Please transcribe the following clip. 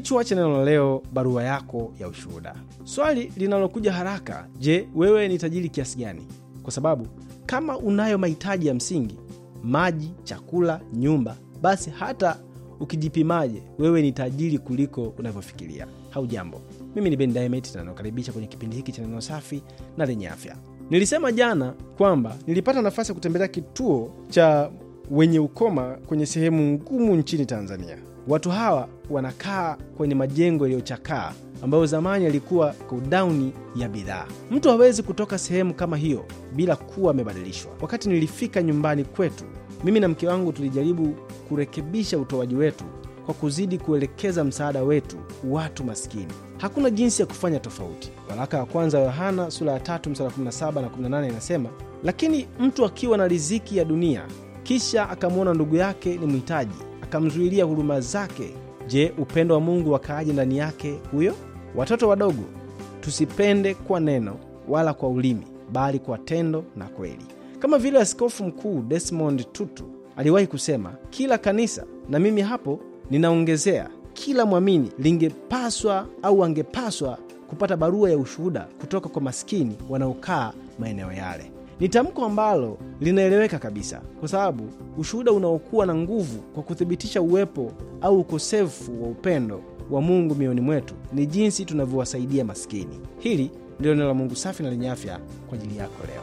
Kichwa cha neno la leo, barua yako ya ushuhuda. Swali linalokuja haraka, je, wewe ni tajiri kiasi gani? Kwa sababu kama unayo mahitaji ya msingi, maji, chakula, nyumba, basi hata ukijipimaje, wewe ni tajiri kuliko unavyofikiria. jambo mimi ni Ben dimet na nakaribisha kwenye kipindi hiki cha neno safi na lenye afya. Nilisema jana kwamba nilipata nafasi ya kutembelea kituo cha wenye ukoma kwenye sehemu ngumu nchini Tanzania Watu hawa wanakaa kwenye majengo yaliyochakaa ambayo zamani yalikuwa godauni ya bidhaa. Mtu hawezi kutoka sehemu kama hiyo bila kuwa amebadilishwa. Wakati nilifika nyumbani kwetu, mimi na mke wangu tulijaribu kurekebisha utoaji wetu kwa kuzidi kuelekeza msaada wetu watu maskini. Hakuna jinsi ya kufanya tofauti. Waraka wa kwanza wa Yohana sura ya tatu mstari 17 na 18 inasema, lakini mtu akiwa na riziki ya dunia kisha akamwona ndugu yake ni mhitaji akamzuilia huruma zake, je, upendo wa Mungu wakaaje ndani yake huyo? Watoto wadogo, tusipende kwa neno wala kwa ulimi, bali kwa tendo na kweli, kama vile askofu mkuu Desmond Tutu aliwahi kusema, kila kanisa, na mimi hapo ninaongezea, kila mwamini lingepaswa au angepaswa kupata barua ya ushuhuda kutoka kwa masikini wanaokaa maeneo yale. Ni tamko ambalo linaeleweka kabisa, kwa sababu ushuhuda unaokuwa na nguvu kwa kuthibitisha uwepo au ukosefu wa upendo wa Mungu mioyoni mwetu ni jinsi tunavyowasaidia maskini. Hili ndilo neno la Mungu safi na lenye afya kwa ajili yako leo.